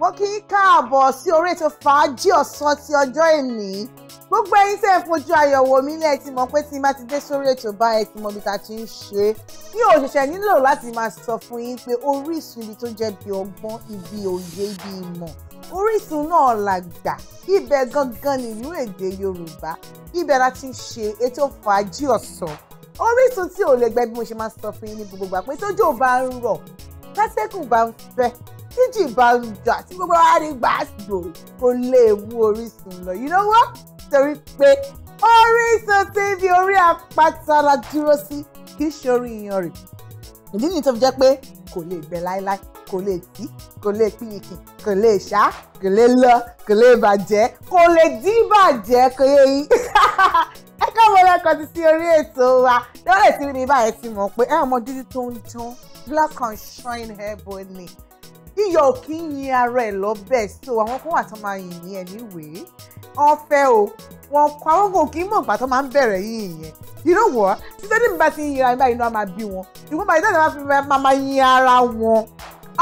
mo kí í káàbọ̀ sí orí ètò fàájì ọ̀sán ti ọjọ́ èní gbogbo ẹ̀yin tẹ́ ẹ fojú àyẹ̀wò mi ilé ẹ ti mọ̀ pé tí n bá ti dé sórí ètò bá ẹ ti mọ̀ bí ta ti ń ṣe ní òṣìṣẹ́ nílò láti máa sọ fún yín pé orísun ibi tó jẹ́ bí ọgbọ́n ibi òye ibi ìmọ̀ orísun náà la ibẹ̀ gangan nìlú èdè Yorùbá ibẹ̀ la ti ń ṣe ètò fàájì ọ̀sán orísun tí ò lè gbẹ bí mo ṣe máa sọ fún yín ní gbogbo gbà bá ń rọ̀ tásẹ́kùn bá ń fẹ́ tíjì bá ń jà tí gbogbo wa rí gbàgbó kó lè mú Orísun lọ you know what torí pé Orísun TV orí àpáta la dúró sí kì í ṣe orí iyanrìn ìdí nìyí tó fi jẹ́ pé kò lè gbẹ láéláé kò lè tí kò lè pínyìnkì kò lè ṣá kò lè lọ kò lè bàjẹ́ kò lè dí bàjẹ́ kò yẹ yí ẹ káwọn ọlọ́kọ̀ ti sí orí ètò wa lọ́rẹ̀ tí mi báyìí ti mọ̀ pé ẹ̀ ọmọ dídí tó ń dún black and shine hair bone ni iyọ̀ ò kí ń yin ara ẹ̀ lọ́bẹ̀ so àwọn kan wà tó máa yìn ní ẹni wèé wọ́n fẹ́ o wọn kọ àwọn kan ò kí ń mọ̀ nípa máa ń bẹ̀rẹ̀ yìnyín yẹn you know what títí ẹni bá ti ń yin ara ẹ̀ báyìí inú á máa bí wọn ìwọ́n bá yìí tẹ́lẹ̀ máa fi máa yin ara wọn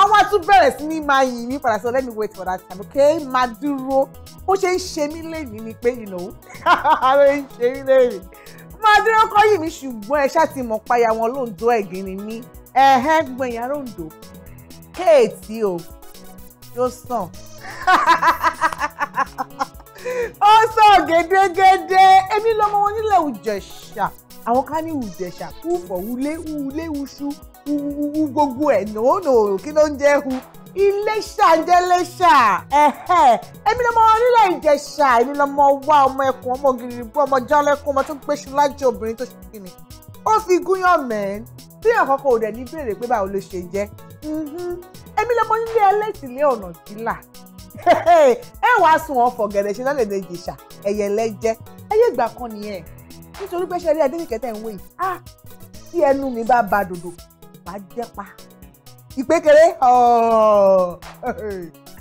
àwọn á tún bẹ̀rẹ̀ sí ní máa yìn mí padà so let me wait for that time okay máa dúró ó ṣe ń ṣe mí lẹ́yìn ni pé you know ó ń ṣe mí lẹ́yìn máa dúró kọ́ yìí mi ṣùgbọ́n ẹ ṣáà ti mọ̀ páyà wọn lóńdó ẹ̀gbìn ni mí ẹ̀hẹ́ gbọ̀nyàn lóńdó kéètì o yóò sàn ó sàn gédégédé èmi lọmọ wọn nílẹ̀ Ìjẹ̀ṣà àwọn ká ní Ìjẹ̀ṣà wù fọ̀ wulé wulé wuṣu wú gbogbo ẹ̀ nòónòó kí ló ń jẹ́ hu iléṣà ń jẹ́ léṣà èmi lọ́mọ onílẹ̀ ìjẹ̀ṣà èmi lọ́mọ wá ọmọ ẹkùn ọmọ gírígbó ọmọ jálẹ̀kùn ọmọ tó gbéṣu lájọ obìnrin tó ṣe kí ni ó fi gúnyàn mẹ́rin tí àkọ́kọ́ ò dẹ̀ ní béèrè pé báwo ló ṣe jẹ́ mm-hmm. èmi lọ́mọ nílé ẹlẹ́tìlé ọ̀nà jìlá ẹ wàá sùn ọ̀fọ̀ gẹ̀rẹ̀ ṣe lálẹ́ ní ìjìṣà ẹ̀yẹ lẹ́jẹ́ ẹyẹ ìgbà kan nìyẹn nítorí pé ṣe rí adéjìkẹ́ ń wé yìí ah tí ẹnu mi bá ba dòdò bá jẹ́ pa ìpékeré oh.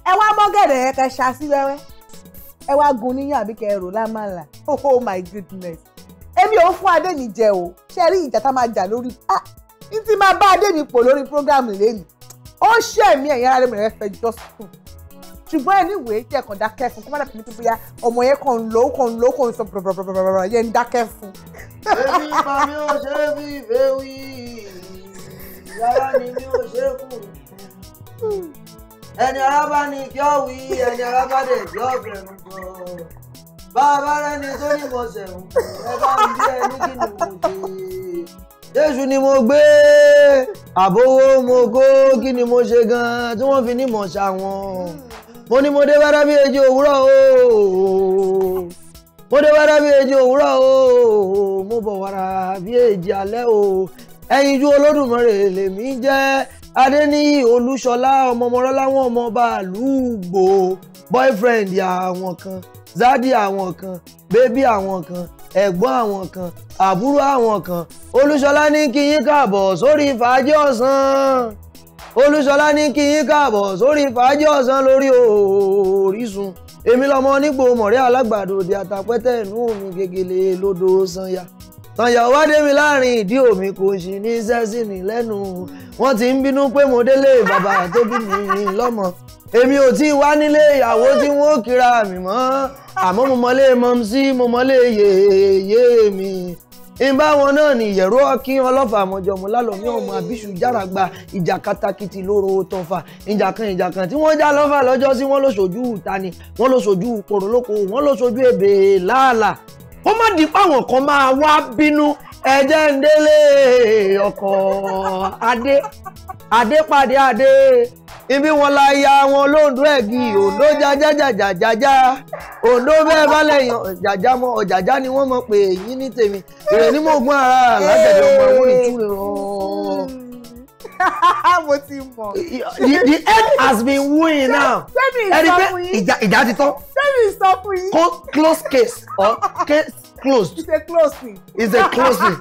ẹ wá mọ́ gẹ̀rẹ̀ ẹ kẹ ṣá sí wẹ́wẹ́ ẹ wá gun níyàn àbí kẹ rò lámàlà oh my goodness èmi ò fún adé mi jẹ o ṣe rí ìjà tá máa jà lórí ah n ti máa bá adé nípò lórí programu lẹ́nu ó ṣe ẹ̀mí ẹ̀yìn ara rẹ̀ fẹ́ jọ sùn ṣùgbọ́n ẹ̀ níwèé jẹ́ kàn dákẹ́ fún kọ́mọ́dà fún mi tó bóyá ọmọ yẹn kàn ń lò ó kàn ń lò ó kàn ń sọ bọ̀rọ̀bọ̀rọ̀bọ̀rọ̀ yẹn ń dákẹ́ fún. ṣé bí mami ò ṣe bí ìwé wí yàrá ni ò ṣe kù ẹni ara bá ní kí ọ wí ẹni ara bá dẹ̀ kí ọ bẹ̀rù gbọ́ bá a bá rẹ́ni tó ní jésù ni mo gbé àbówó mo kó kí ni mo ṣe gan tí wọ́n fi ní mọ̀ ṣá wọn mo ní mo dé bára bí èjì òwúrọ̀ o mo dé wàrà bí èjì òwúrọ̀ o mo bọ̀ wàrà bí èjì alẹ́ o ẹ̀yinjú olódùmarè lèmi jẹ́ adéníyí olúṣọlá ọmọọmọrọ láwọn ọmọ ọba àlùgbò boyfriend àwọn kan zadi àwọn kan baby àwọn kan ẹ̀gbọ́n àwọn kan àbúrò àwọn kan olúṣọlá ní kí yín káàbọ̀ sórí fàájì ọ̀sán olúṣọlá ní kí yín káàbọ̀ sórí fàájì ọ̀sán lórí Orísun èmi lọmọ nígbò mọ̀rẹ́ alágbàdo di àtàpẹ́tẹ̀ inú omi lódò sanya tọ̀yọ̀ wá dé mi láàrin ìdí omi kò sì ní sẹ́sì ní lẹ́nu wọ́n ti ń bínú pé mo délé bàbá tó bí mi lọ́mọ èmi ò tí ì wá nílé ìyàwó tí wọ́n kíra mi mọ́ àmọ́ mo mọ́lé mọ́mísí mo mọ́lé yèèyè mi ìbá wọn náà ní ìyẹ̀rọ kí ọlọ́fà àmọ́jọmọ lálọ́mí ọmọ àbíṣu járàgbà ìjà katakiti lóró tọ́fà ìjàkan ìjàkan tí wọ́n já lọ́fà lọ́jọ́ sí wọ́n ló ìtani wọ́n ló ó má di páwọn kan máa wá bínú ẹjẹ ń délé ọkọ adé adépàdé adé ibi wọn la ya wọn lóńdó ẹgì òǹdó jájájájájá òǹdó bẹ́ẹ̀ bá lẹ́yìn ọjàjá mọ ọjàjá ni wọ́n mọ̀ pé èyí ní tèmi èrè ní mò ń gbọ́n ara lágbẹ̀dẹ̀ ọmọ ẹ̀wọ̀n ìtúrẹ ọ. mo ti mọ̀. the end has been win now. sẹ́mi ìsọ fún yín ẹni pé ìjà ti tán. sẹ́mi ìsọ fún yín. close case or case closed. It's a closing. It's a closing.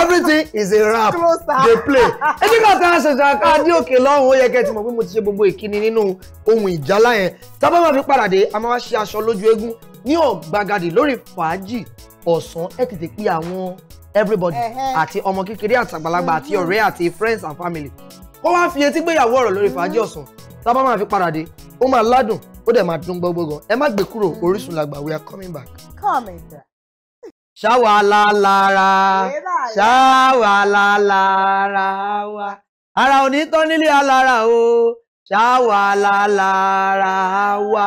Everything is a wrap. Closer. They play. Ẹni kan tí wọ́n ṣe lọ́hùn ó yẹ kẹ́ ti mọ̀ pé mo ti ṣe gbogbo ìkíni nínú ohun ìjálá yẹn. Tábà máa fi padà dé, a máa ṣe aṣọ lójú eégún ní ọ̀gbagadè lórí fàájì ọ̀sán ẹ̀ tètè pe àwọn everybody àti ọmọ kékeré àtàgbàlagbà àti ọ̀rẹ́ àti friends and family kó wá fi etí gbéyàwó ọ̀rọ̀ lórí fàájì mm-hmm. ọ̀sán tábà máa fi paradé ó máa ládùn ó dẹ̀ máa dún gbogbo ẹ má gbé kúrò mm-hmm. Orísun làgbà we are coming back. coming back. ṣáwa lálára ṣáwa lálára wa ara ò ní tán nílé alára o ṣáwa lára wa.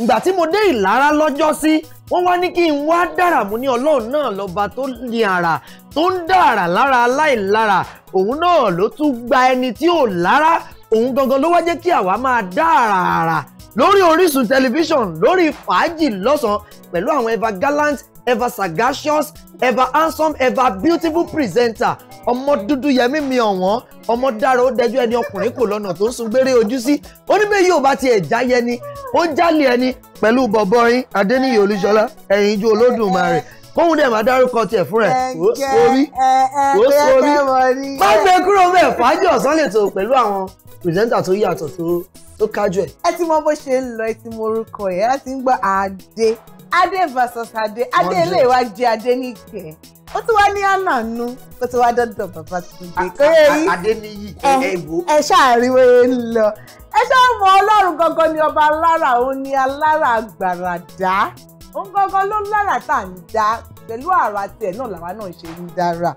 ìgbà tí mo dé ìlara lọ́jọ́ sí wọ́n wá ní kí n wá dára mú ní ọlọ́run náà lọ́ba tó ní àrà tó ń dára lára aláìlára òun náà ló tún gba ẹni tí ò lára òun gangan ló wá jẹ́ kí àwa máa dára àrà lórí Orísun tẹlifíṣàn lórí fàájì lọ́sàn-án pẹ̀lú àwọn Evergallant ever sagacious ever handsome ever beautiful presenter ọmọ dúdú yẹmí mi ọ̀wọ́n ọmọ dára ó dẹjú ẹni ọkùnrin kò lọ́nà tó ń sun gbére ojú sí oníbẹ̀ yóò bá tiẹ̀ jáyẹ ni ó jálè ẹni pẹ̀lú bọ̀bọ̀ yín adéníyì olúṣọlá ẹ̀yìn ijó olódùmarè kóhun dẹ̀ máa dárúkọ tiẹ̀ fún rẹ̀ ó sórí ó sórí má gbé kúrò bẹ́ẹ̀ fàájì ọ̀sán lè tó pẹ̀lú àwọn pìrìsẹ́ńtà tó yàtọ̀ tó kájú ẹ̀. ẹ ti mọ bó ṣe ń lọ ẹ ti mọ orúkọ ẹ ẹ ti ń gbọ́ adé adé versus adé adé ilé wa jẹ adé nígbẹ ó tún wá ní ànànú ó tún wá dọdọ bàbá Túndé kóyè yìí adé níyì ẹbò ẹ ṣàríwé e lọ ẹ ṣáà mọ Ọlọ́run gangan ni ọba alára òun ni alára àgbàràdá òun gangan ló lára tá à ń dá pẹ̀lú àrà tiẹ̀ náà làwa náà ṣe ń dára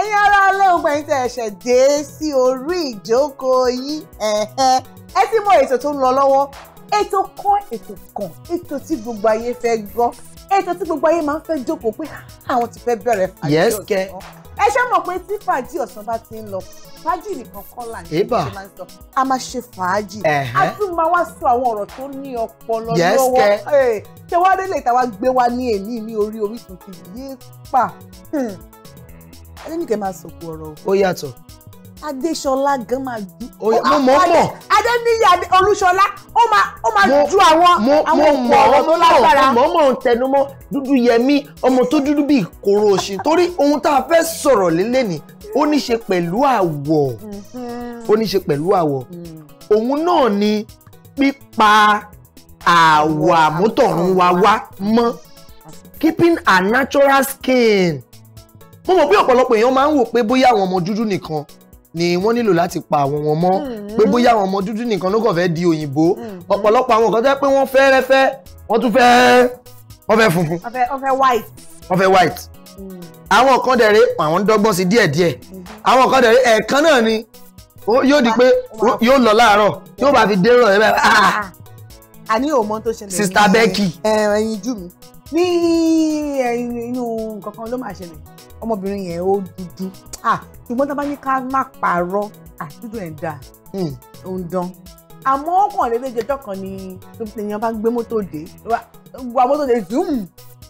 ẹ̀yin ará ilé ogun ẹ̀yin ẹ̀ṣẹ̀ dé sí orí ìjókòó yìí ẹ ti mọ ètò tó ń lọ lọ́wọ́ ètò kan ètò kan ètò tí gbogbo ayé fẹ́ gbọ́ ètò tí gbogbo ayé máa ń fẹ́ jókòó pé ah, àwọn ti fẹ́ bẹ̀rẹ̀ fàájì ọ̀sán ẹ ṣe mọ̀ pé tí fàájì ọ̀sán bá ti ń lọ fàájì nìkan kọ́ là ń ṣe máa ń sọ a máa ṣe fàájì a tún máa wá sọ àwọn ọ̀rọ̀ tó ní ọpọlọ lọ́wọ́ ṣé wàá délé ìtawà gbé wa ní èmi ní orí Orísun ti yé pa ẹni hmm. kẹ́ máa sọ̀kò ọ̀rọ̀ o. ó yàtọ̀ Adéṣọlá gan máa ju. mo ah, mọ̀ mọ̀. Adéníyì Olúṣọlá ó máa ó máa ju àwọn àwọn òkú ọ̀rọ̀ tó lágbára. mo mọ̀ ń tẹnumọ́ dúdú yẹmí ọmọ tó dúdú bíi kòrò òṣì torí ohun tá a fẹ́ sọ̀rọ̀ lélẹ̀ ni ó ní ṣe pẹ̀lú àwọ̀ mm-hmm. ó ní ṣe pẹ̀lú àwọ̀ mm. òun náà ni pípa àwọ̀ àmútọ̀run wa wá mọ́ keeping our natural skin mo mọ̀ bí ọ̀pọ̀lọpọ̀ èèyàn máa ń wò pé bóyá àwọn ọmọ dúdú nìkan ni wọ́n nílò láti pa àwọn wọn mọ́ mm-hmm. pé bóyá àwọn ọmọ dúdú nìkan ló kàn fẹ́ di òyìnbó mm-hmm. ọ̀pọ̀lọpọ̀ àwọn kan tẹ́ pé wọ́n fẹ́rẹ́fẹ́ wọ́n tún fẹ́ wọ́n funfun wọ́n white wọ́n fẹ́ white mm-hmm. àwọn kan dẹ̀rẹ́ àwọn ń dọ́gbọ́n sí díẹ̀díẹ̀ àwọn kan dẹ̀rẹ́ ẹ̀ẹ̀kan náà ni yóò di pé yóò lọ láàárọ̀ yóò bá fi dérò ẹ̀ bẹ́ẹ̀. Ah, òmò ah! tó ṣẹlẹ̀ ní sista Becky ẹ̀yìn jú mi ní inú nǹkan kan ló máa ṣẹlẹ̀ ọmọbìnrin yẹn ó dúdú ṣùgbọ́n tá a bá ní ká má parọ́ dúdú ẹ̀ ń dà hmm. ó ń dán àmọ́ ọkànlélẹ́jẹ tọkàn ni èèyàn bá gbé mọ́tò dé wa mọ́tò dé zoom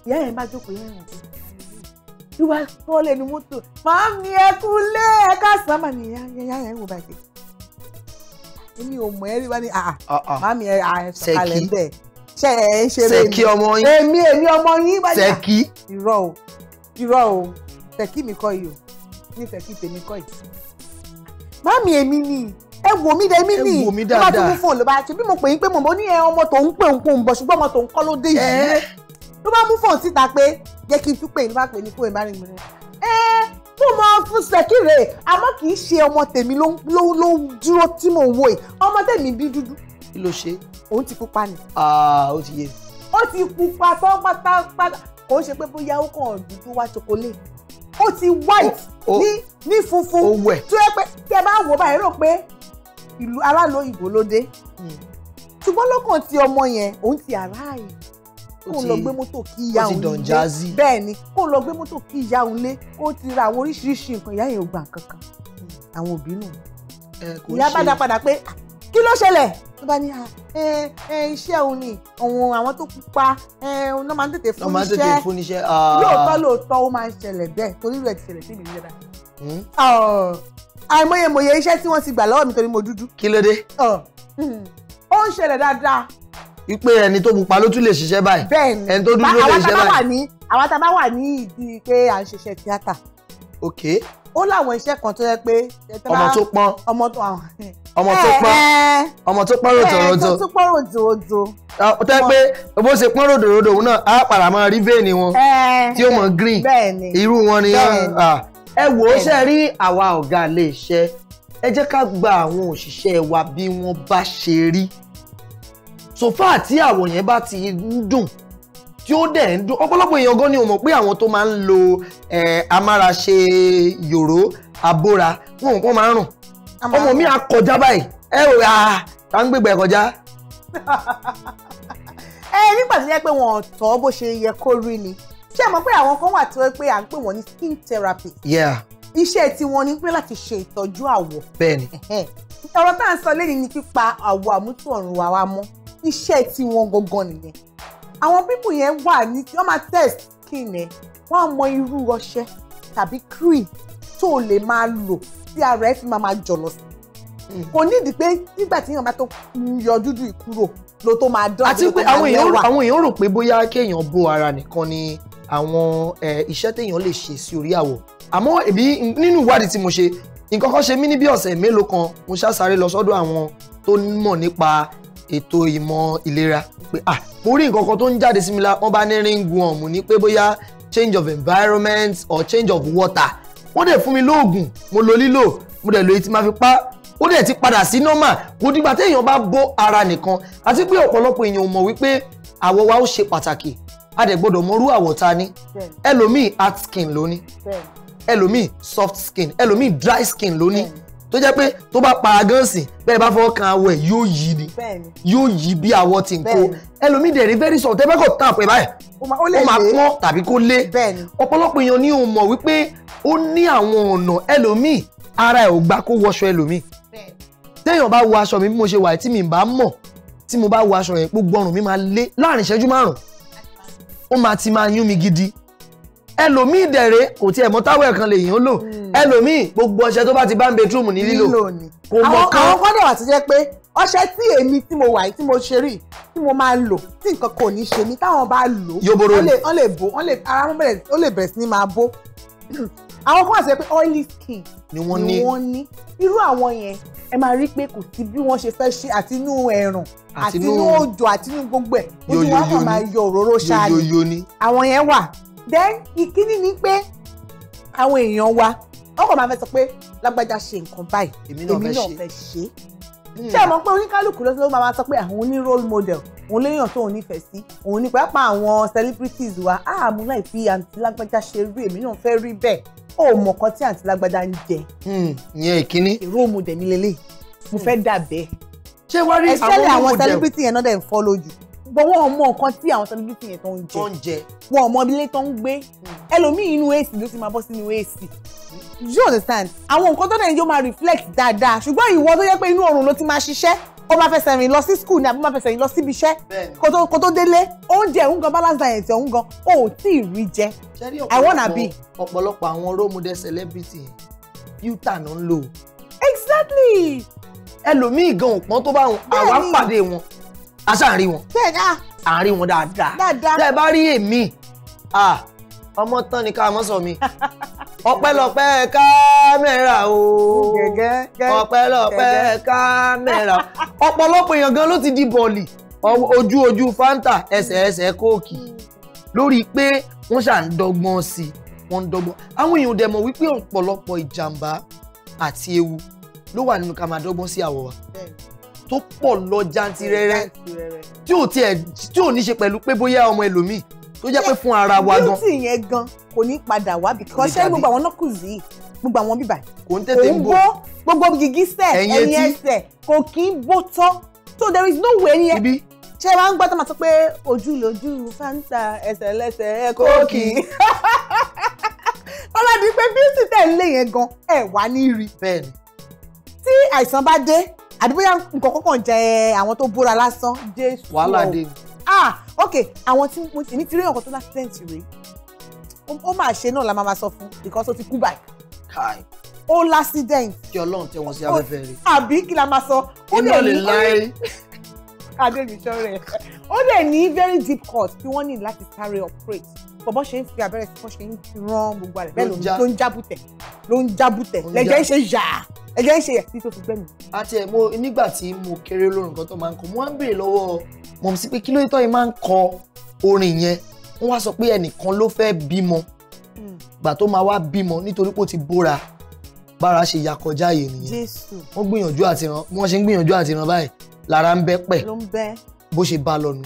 ìyá yẹn bá jókòó yẹn rìn sí wa tọ́lẹ̀ ní mọ́tò máa ń mi ẹkú lé ẹ̀ka sàmà ni ìyá yẹn wò báyìí èmi ò mọ̀ ẹ́ rí wa ni màá mi ẹ̀ sọ̀kalẹ̀ ń bẹ̀ ṣe ẹ ṣe rẹ mi èmi èmi ọmọ yín bá jà ṣèkí irọ́ o irọ́ o ṣèkí mi kọ́ yìí o ní ṣèkí tèmi kọ́ yìí. mami èmi ni ẹ wò mí dẹ́mi ni ẹ wò mí dáadáa ló bá tún mú fóònù ló bá ṣe bí mo pè é pé mo ní ẹ ọmọ tó ń pè ń kó ń bọ̀ ṣùgbọ́n ọmọ tó ń kọ́ ló dé yìí ló bá mú fóònù síta pé jẹ́ kí n tún pè ní bá pè ní kó ìbá rìn mí rẹ̀ ẹ mo mọ fún ṣèkí rẹ̀ àmọ́ kì í ṣe ọmọ tèmi ló dúró tí mò ń wò yìí ọmọ tèmi bí dúdú kí ló ṣe. òun ti pupa ni. Ah, ó ti yé. ó ti pupa tán pátápátá kò ń ṣe pé bóyá ó kàn dúdú wá chocolate ó ti white ní ní funfun tó yẹ pé tẹ bá wò báyìí rò pé ìlú aráàlú òyìnbó ló dé hmm. ṣùgbọ́n lọ́kàn ti ọmọ yẹn òun ti aráàlú kó lọ gbé mọ́tò kí ìyá òun lé bẹ́ẹ̀ ni kó lọ gbé mọ́tò kí ìyá òun lé kó ti ra àwọn oríṣiríṣi nǹkan ìyá yẹn ò gbà kankan hmm. àwọn òbí nù. ìyá bá dá padà pé ah, kí ló ṣẹlẹ̀ ló bá ní iṣẹ́ òun ni òun àwọn tó pupa òun náà máa ń tètè fún iṣẹ́ náà máa ń tètè fún iṣẹ́ lóòótọ́ lóòótọ́ ó máa ń ṣẹlẹ̀ bẹ́ẹ̀ torí rẹ̀ ti ṣẹlẹ̀ sí mi nílẹ̀ dáadáa. Hmm? àìmọye mòye iṣẹ́ tí wọ́n ti gbà lọ́wọ́ mi torí mo dúdú. kí ló dé. ó ń ṣẹlẹ̀ dáadáa. wípé ẹni tó pupa ló tún lè ṣiṣẹ́ báyìí. bẹ́ẹ̀ni ẹni tó dúdú ló lè ṣiṣẹ́ báyìí. àwa tá a bá wà ní ìdí pé à ń ṣiṣẹ́ tíátà ó láwọn iṣẹ́ kan tó yẹ pé. ọmọ tó pọ́n ọmọ tó pọ́n ọmọ tó pọ́n ròdòròdò tó pọ́n ròdòròdò. ó tẹ́ pé bó ṣe pọ́n ròdòròdò òun náà á padà máa rí vein wọn tí ó mọ̀ green irú wọn ni ẹ wò ó ṣe rí àwa ọ̀gá ilé iṣẹ́ ẹ jẹ́ ká gba àwọn òṣìṣẹ́ wa bí wọ́n bá ṣe rí sòfà àti àwọn yẹn bá ti ń dùn tí ó dẹ̀ ń dún ọ̀pọ̀lọpọ̀ èèyàn gan ni ò mọ̀ pé àwọn tó máa ń lo amáraṣe yòró abóra wọn ò pọ́n máa ń rùn ọmọ mi akọjá báyìí ẹ ò ra ta ń gbégbá ẹ kọjá. ẹ nígbà tó yẹ pé wọn tọ́ bó ṣe yẹ kó rí ni ṣé ẹ mọ̀ pé àwọn kan wà tó yẹ pé à ń pè wọ́n ní skin therapy. Yeah iṣẹ́ tiwọn ni pé láti ṣe ìtọ́jú àwọ̀. bẹ́ẹ̀ni. ọ̀rọ̀ tá à ń sọ lẹ́yìn ni pípa àwọ̀ àmútọ̀run wa wa mọ́ iṣẹ́ tiwọn gangan nìyẹn àwọn people yẹn wà ní wọ́n máa test skin ẹ̀ wọ́n á mọ irú ọṣẹ tàbí cream tó o lè máa lò tí ara ẹ fi máa máa jọ̀lọ̀ sí hmm. kò nídìí pé nígbà tí èèyàn bá tó yọ dúdú ìkúrò ló tó máa dán àti pé àwọn èèyàn rò pé bóyá kéèyàn bo ara nìkan ni àwọn iṣẹ́ téèyàn lè ṣe sí orí àwọ̀ àmọ́ èmi nínú ìwádìí tí mo ṣe nǹkan kan ṣe mí ní bí ọ̀sẹ̀ mélòó kan mo ṣàṣàrè lọ sọ́dọ̀ àwọn tó mọ̀ nípa ètò ìmọ̀ ìlera pé ah mo rí nǹkan kan tó ń jáde sí mi la wọ́n bá ní ringworm ní pé bóyá change of environment or change of water wọ́n dẹ̀ fún mi lóògùn mo lo lílò mo dẹ̀ lo èyí tí máa fi pa ó dẹ̀ ti padà sí normal kò dìgbà téèyàn bá bó ara nìkan àti pé ọ̀pọ̀lọpọ̀ èèyàn ò mọ̀ wípé àwọ̀ wa ó ṣe pàtàkì a dẹ̀ gbọ́dọ̀ mọrú àwọ̀ ta ni ẹlòmíì hard skin ló ní ẹlòmíì soft skin ẹlòmíì dry skin ló Yeah tó jẹ́ pé tó bá para gan sìn bẹ́ẹ̀ bá fọwọ́ kan awọ ẹ̀ yóò yí ni yóò yí bí awọ ti ń kó ẹlòmíì dẹ̀ rí very soft tẹ́fẹ́ kò tàn pé báyìí ó máa pọ́n tàbí kó lé ọ̀pọ̀lọpọ̀ èèyàn ni ò mọ̀ wípé ó ní àwọn ọ̀nà ẹlòmíì ara ẹ̀ ò gbà kó wọṣọ ẹlòmíì téèyàn bá wọ aṣọ mi bí mo ṣe wà tí mi bá mọ̀ tí mo bá wọ aṣọ yẹn gbogbo ọrùn mi máa lé láàrin ìṣẹ́jú márùn ó máa ti máa yún mi gidi ẹlòmíì dẹ̀rẹ̀ kò tiẹ̀ mọ̀ táwẹ̀ kan lè yàn ó lò hmm. ẹlòmíì gbogbo ọṣẹ tó bá ti bá ń bedroom ní lílò kò mọ̀ kan. àwọn gbọ́dọ̀ wà tó jẹ́ pé ọṣẹ tí èmi tí mo wà tí mo ṣe rí tí mo máa lò tí nǹkan kò ní ṣe mí táwọn bá lò ó lè bó ara wọn bẹ̀rẹ̀ ó lè bẹ̀rẹ̀ sí ní máa bó àwọn kan àti pé oily skin ni wọ́n ní wọ́n ní irú àwọn yẹn ẹ máa rí pé kò sí bí wọ́n ṣe fẹ́ ṣe àti inú ẹ̀rùn àti inú òjò àti inú gbogbo ẹ̀ ojú wọn kàn máa yọ òróró ṣáà àwọn yẹn wà then ìkíní ni pé àwọn èèyàn wa ọkọ̀ máa fẹ́ sọ pé lágbájá ṣe nǹkan báyìí èmi náà fẹ́ ṣe hmm. ṣé ẹ mọ̀ pé oníkálukú ló máa sọ pé àwọn oní role model òun léèyàn tó òun nífẹ̀ẹ́ sí òun ní pàápàá àwọn celebrities wa àmú láì fi àǹtí lágbájá ṣe rí èmi náà fẹ́ rí bẹ́ẹ̀ ó mọ̀ kan tí àǹtí lágbájá ń jẹ. Hmm, ìyẹn ìkíní. èrò òmùdẹ̀ mi lélẹ̀ mo fẹ́ dà bẹ́ẹ̀. ṣé wàá rí àwọn òmùdẹ̀ ẹ̀ṣẹ́lẹ̀ àwọn celebrity yẹn náà dẹ̀ ń fọ́ lójú bọ́ wọn mọ nǹkan tí àwọn celebrity yẹn tó ń jẹ tó ń jẹ wọn mọ ilé tó ń gbé hmm. ẹlòmíì inú èsì ló ti máa bọ́ sínú èsì you understand àwọn nǹkan tó dẹ̀ yóò máa reflect dáadáa ṣùgbọ́n ìwọ tó yẹ pé inú oorun ló ti máa ṣiṣẹ́ ó máa fẹsẹ̀ rìn lọ sí school ni àbí máa fẹsẹ̀ rìn lọ síbi iṣẹ́ kó tó délé oúnjẹ òun gan balance diet òun gan o ò tí ì rí jẹ i wanna be. ọ̀pọ̀lọpọ̀ àwọn role model celebrity filter ló ń lò. exactly. ẹlòmíì gan òpọ́n tó bá wọn àwa pàdé wọn a ṣáà rí wọn. bẹ́ẹ̀ náà. Ah. à ń rí wọn dáadáa. dáadáa. tẹ́ ẹ bá rí èmi ọmọ tán ni ká mọ́ sọ mi ọpẹ́lọpẹ́ kámẹ́rà o ọpẹ́lọpẹ́ kámẹ́rà ọ̀pọ̀lọpọ̀ èèyàn gan ló ti di bọ̀ọ̀lì ojú ojú fanta ẹsẹ̀ ẹsẹ̀ kóòkì lórí pé wọ́n ṣà ń dọ́gbọ́n sí i wọ́n ń dọ́gbọ́n àwọn èèyàn dẹ̀ mọ̀ wípé ọ̀pọ̀lọpọ̀ ìjàmbá àti ewu ló wà nínú ká máa dọ́gbọ́n sí àwọ̀ wa tó pọ̀ lọ jantirẹrẹ tí ò tiẹ̀ tí ò ní ṣe pẹ̀lú pé bóyá ọmọ ẹlòmíì tó jẹ́ pé fún ara wa gan. beauty yẹn gan kò ní padà wá because ṣé gbogbo àwọn knuckles yìí gbogbo àwọn bíbà kò ń tètè bó gbogbo gìgísẹ̀ ẹ̀yìn ẹsẹ̀ kò kí ń bó tán so there is no way yẹn ṣé máa ń gbọ́ máa sọ pé ojú lójú fanta ẹsẹ̀ lẹ́sẹ̀ kóòkì ọlọ́dún pé beauty tẹ̀ ń lé yẹn gan ẹ̀ wá ní rí. bẹ́ẹ̀ni. tí àìsàn bá dé àbí bóyá nǹkan kọ́kọ́ jẹ àwọn tó bóra lásán jésù wàhálà dé ah ok àwọn tí mo ti ní ti rí ọkọ tó accident rèé ó máa ṣe náà la máa sọ fún because ó ti kú báyìí. kai ó l'accident. kí ọlọ́run tẹ wọn sí afẹ́fẹ́ rẹ. àbí kí la máa sọ. iná lè láyé. adébísọ rẹ ó dẹ̀ ní very deep cut tí wọ́n ní láti sáré operate bọ̀bọ̀ ṣe ń fi abẹ́rẹ́ sí bọ́ ṣe ń ran gbogbo rẹ̀ bẹ́ẹ̀ ló ń jábùtẹ̀ ló ń jábùtẹ̀ lẹ́jẹ̀ ṣe yà á ẹjọ́ ń ṣe yẹ títí tó fi gbẹ́mí. àti ẹ̀ mo nígbà tí mo kéré lórin kan tó máa ń kọ mo máa ń béèrè lọ́wọ́ mọ̀ sí pé kí ló tọ́ yìí máa ń kọ orin yẹn wọ́n wá sọ pé ẹnìkan ló fẹ́ bímọ hmm. gbà tó máa wá bímọ nítorí pé ó ti bóra bára ṣe ya kọjá yìí nìyẹn wọ́n gbìyànjú àti ràn wọ́n ṣe ń gbìyànjú àti ràn báyìí lára ń bẹ́ pẹ̀ bó ṣe bá lọ́nu